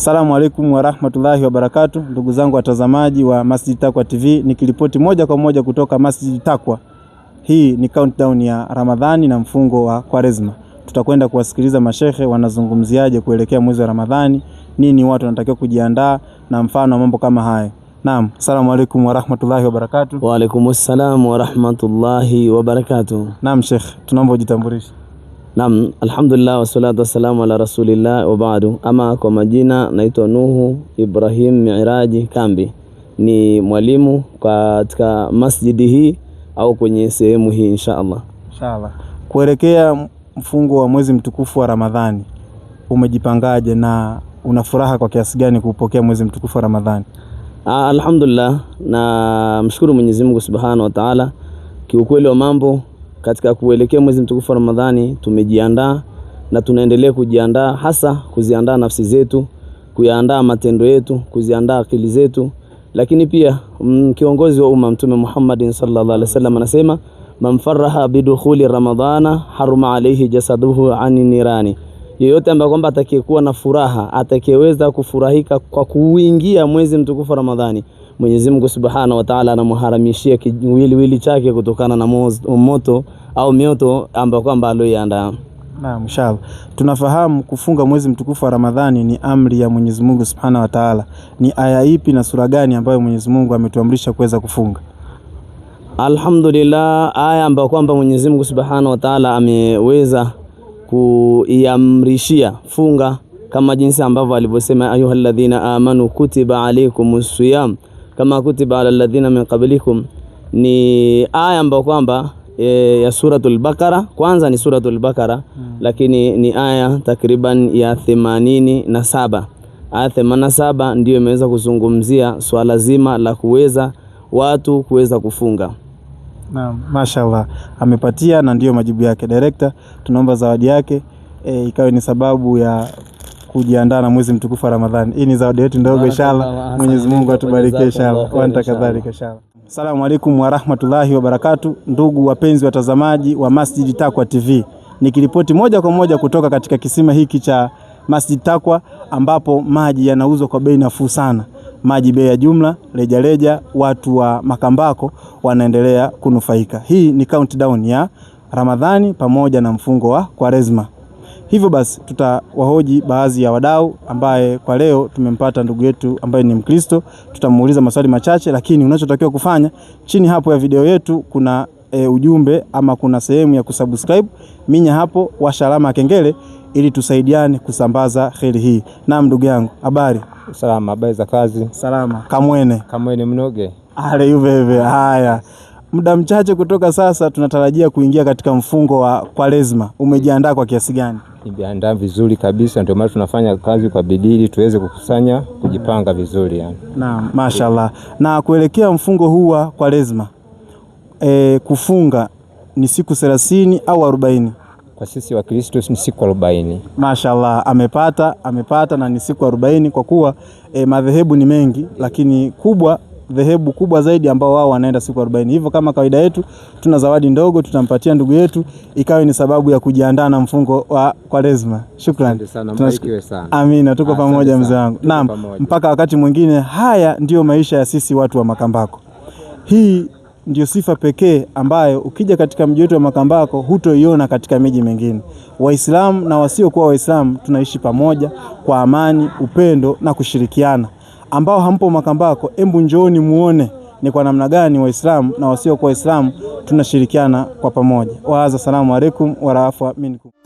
Asalamu alaikum warahmatullahi wabarakatu, ndugu zangu watazamaji wa Masjid Taqwa TV, nikiripoti moja kwa moja kutoka Masjid Taqwa. Hii ni countdown ya Ramadhani na mfungo wa Kwaresma. Tutakwenda kuwasikiliza mashehe wanazungumziaje kuelekea mwezi wa Ramadhani, nini watu wanatakiwa kujiandaa na mfano wa mambo kama haya. Naam, asalamu alaikum warahmatullahi wabarakatu. Wa warahmatullahi wabarakatu. Naam Sheikh, tunaomba ujitambulishe. Naam, alhamdulillah wassalatu wassalamu ala rasulillah wa ba'du. Ama kwa majina naitwa Nuhu Ibrahim Miraji Kambi, ni mwalimu katika masjidi hii au kwenye sehemu hii insha Allah. Insha Allah. Kuelekea mfungo wa mwezi mtukufu wa Ramadhani umejipangaje na una furaha kwa kiasi gani kuupokea mwezi mtukufu wa Ramadhani? Ah, alhamdulillah, na mshukuru Mwenyezi Mungu Subhanahu wa Ta'ala, kiukweli wa mambo katika kuelekea mwezi mtukufu wa Ramadhani tumejiandaa na tunaendelea kujiandaa, hasa kuziandaa nafsi zetu, kuyaandaa matendo yetu, kuziandaa akili zetu. Lakini pia mm, kiongozi wa umma Mtume Muhammad sallallahu alaihi wasallam anasema man faraha bidukhuli ramadhana haruma alaihi jasaduhu ani nirani, yeyote ambaye kwamba atakayekuwa na furaha atakayeweza kufurahika kwa kuingia mwezi mtukufu wa Ramadhani Mwenyezi Mungu Subhanahu wa Ta'ala anamharamishia kiwiliwili chake kutokana na moto au mioto ambayo kwamba aliyoiandaa. Naam, inshallah. Tunafahamu kufunga mwezi mtukufu wa Ramadhani ni amri ya Mwenyezi Mungu Subhanahu wa Ta'ala. Ni aya ipi na sura gani ambayo Mwenyezi Mungu ametuamrisha kuweza kufunga? Alhamdulillah, aya ambayo kwamba Mwenyezi Mungu Subhanahu wa Ta'ala ameweza kuiamrishia funga kama jinsi ambavyo alivyosema, ayuhalladhina amanu kutiba alaykumus siyam kama kutiba ala alladhina min qablikum ni aya ambayo kwamba e, ya suratul Bakara. Kwanza ni suratul Bakara hmm. Lakini ni aya takriban ya themanini na saba aya themanini na saba ndiyo imeweza kuzungumzia swala zima la kuweza watu kuweza kufunga. Naam, mashallah amepatia na ndiyo majibu yake. Director, tunaomba zawadi yake e, ikawe ni sababu ya kujiandaa na mwezi mtukufu wa Ramadhani. Hii ni zawadi yetu ndogo, inshallah Mwenyezi Mungu atubarikie inshallah, Kwa anta kadhalika inshallah. Asalamu alaykum wa rahmatullahi wa barakatuh, ndugu wapenzi watazamaji wa Masjid Taqwa TV, nikiripoti moja kwa moja kutoka katika kisima hiki cha Masjid Taqwa ambapo maji yanauzwa kwa bei nafuu sana maji bei ya jumla rejareja, watu wa Makambako wanaendelea kunufaika. Hii ni countdown ya Ramadhani pamoja na mfungo wa Kwaresma. Hivyo basi tutawahoji baadhi ya wadau ambaye kwa leo tumempata ndugu yetu ambaye ni Mkristo, tutamuuliza maswali machache, lakini unachotakiwa kufanya chini hapo ya video yetu kuna e, ujumbe ama kuna sehemu ya kusubscribe, minya hapo, washa alama ya kengele ili tusaidiane kusambaza heri hii. Naam, ndugu yangu, habari? Salama. Habari za kazi? Salama. Kamwene, kamwene mnoge ale yuve yuve. Haya muda mchache kutoka sasa tunatarajia kuingia katika mfungo wa Kwaresma. Umejiandaa kwa kiasi gani? Nimejiandaa vizuri kabisa, ndio maana tunafanya kazi kwa bidii tuweze kukusanya, kujipanga vizuri yani. Naam, mashallah. Na kuelekea mfungo huu wa Kwaresma, e, kufunga ni siku 30 au 40? Kwa sisi Wakristo ni siku 40. Mashallah, amepata amepata, na ni siku 40 kwa kuwa e, madhehebu ni mengi, lakini kubwa dhehebu kubwa zaidi ambao wao wanaenda siku 40. Hivyo kama kawaida yetu, tuna zawadi ndogo tutampatia ndugu yetu, ikawe ni sababu ya kujiandaa na mfungo wa Kwaresma. Shukrani sana, sana. Amina, tuko pamoja mzee wangu. Naam, mpaka wakati mwingine. Haya ndiyo maisha ya sisi watu wa Makambako. Hii ndio sifa pekee ambayo ukija katika mji wetu wa Makambako hutoiona katika miji mingine. Waislamu na wasiokuwa Waislamu tunaishi pamoja kwa amani, upendo na kushirikiana ambao hampo Makambako, embu njooni muone ni kwa namna gani Waislamu na wasio kwa Waislamu tunashirikiana kwa pamoja. Waaza, salamu alaikum warahmatullahi minkum.